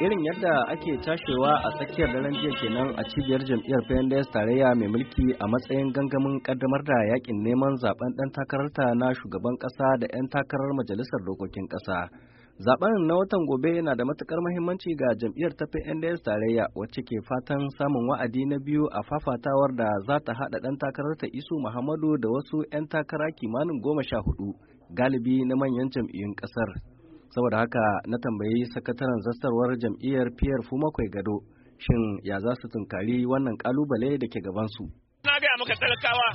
irin yadda ake tashewa a tsakiyar daren jiya kenan a cibiyar jam'iyyar PNDS tarayya mai mulki a matsayin gangamin kaddamar da yakin neman zaben dan takararta na shugaban kasa da 'yan takarar majalisar dokokin kasa Zaben na watan gobe yana da matukar muhimmanci ga jam'iyyar ta NDS tarayya wacce ke fatan samun wa'adi na biyu a fafatawar da za ta haɗa ɗan takarar ta Isu Muhammadu da wasu 'yan takara kimanin goma sha hudu galibi na manyan jam'iyyun ƙasar. Saboda haka na tambayi sakataren zastarwar jam'iyyar Pierre Fumakwai Gado shin ya za su tunkari wannan kalubale da ke gabansu. Na gaya maka talakawa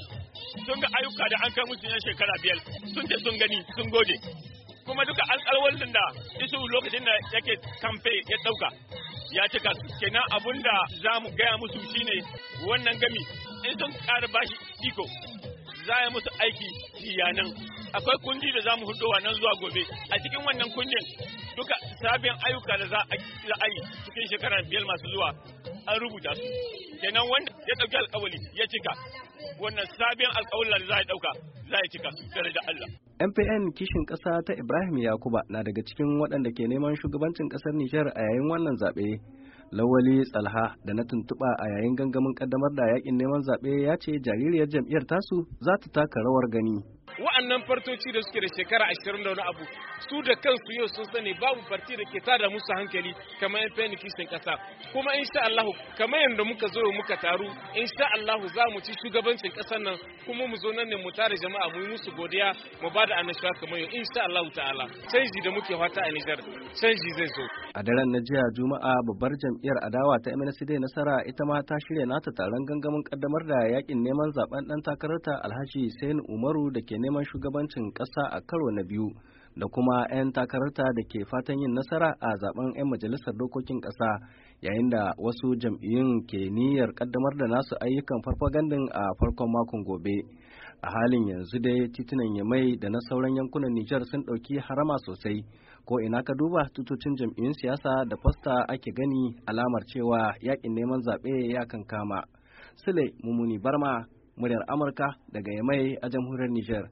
sun ga ayyuka da an kai musu yan shekara biyar sun je sun gani sun gode kuma duka alƙalwalin da isu lokacin da yake kamfe ya ɗauka ya cika kenan abun da za mu gaya musu shine wannan gami in sun ƙara bashi iko za a musu aiki yanan akwai kundi da za mu hudowa nan zuwa gobe a cikin wannan kundin duka sabin ayyuka da za a yi cikin shekarar biyar masu zuwa an rubuta su kenan wanda ya dauki alƙawali ya cika wannan da za a dauka za a cika da Allah MPN kishin ƙasa ta Ibrahim Yakuba na daga cikin waɗanda ke neman shugabancin ƙasar Nijar a yayin wannan zaɓe. Lawali Tsalha da na tuntuɓa a yayin gangamin ƙaddamar da yakin neman zaɓe ya ce jaririyar jam'iyyar tasu za ta taka rawar gani. wa'annan fartoci da suke da shekara ashirin da wani abu su da kansu yau sun sani babu farti da ke tada musu hankali kamar yan fenikisin kasa kuma insha Allah kamar yadda muka zo muka taru insha Allah za mu ci shugabancin kasar nan kuma mu zo nan ne mu tare jama'a mu yi musu godiya mu bada annashuwa kamar yau insha Allah ta'ala canji da muke fata a Nijar canji zai zo a daren na jiya Juma'a babbar jam'iyyar adawa ta MNC nasara ita ma ta shirya nata taron gangamin kaddamar da yakin neman zaben dan ta Alhaji Sain Umaru da ke neman shugabancin ƙasa a karo na biyu da kuma 'yan takararta da ke fatan yin nasara a zaben 'yan majalisar dokokin ƙasa yayin da wasu jam'iyyun ke niyyar kaddamar da nasu ayyukan farfagandin a farkon makon gobe a halin yanzu dai titunan yamai da na sauran yankunan nijar sun ɗauki harama sosai ko ina ka duba tutocin jam'iyyun siyasa da fasta ake gani alamar cewa yakin neman zaɓe ya kankama sule mumuni barma muryar amurka daga yamai a jamhuriyar nijar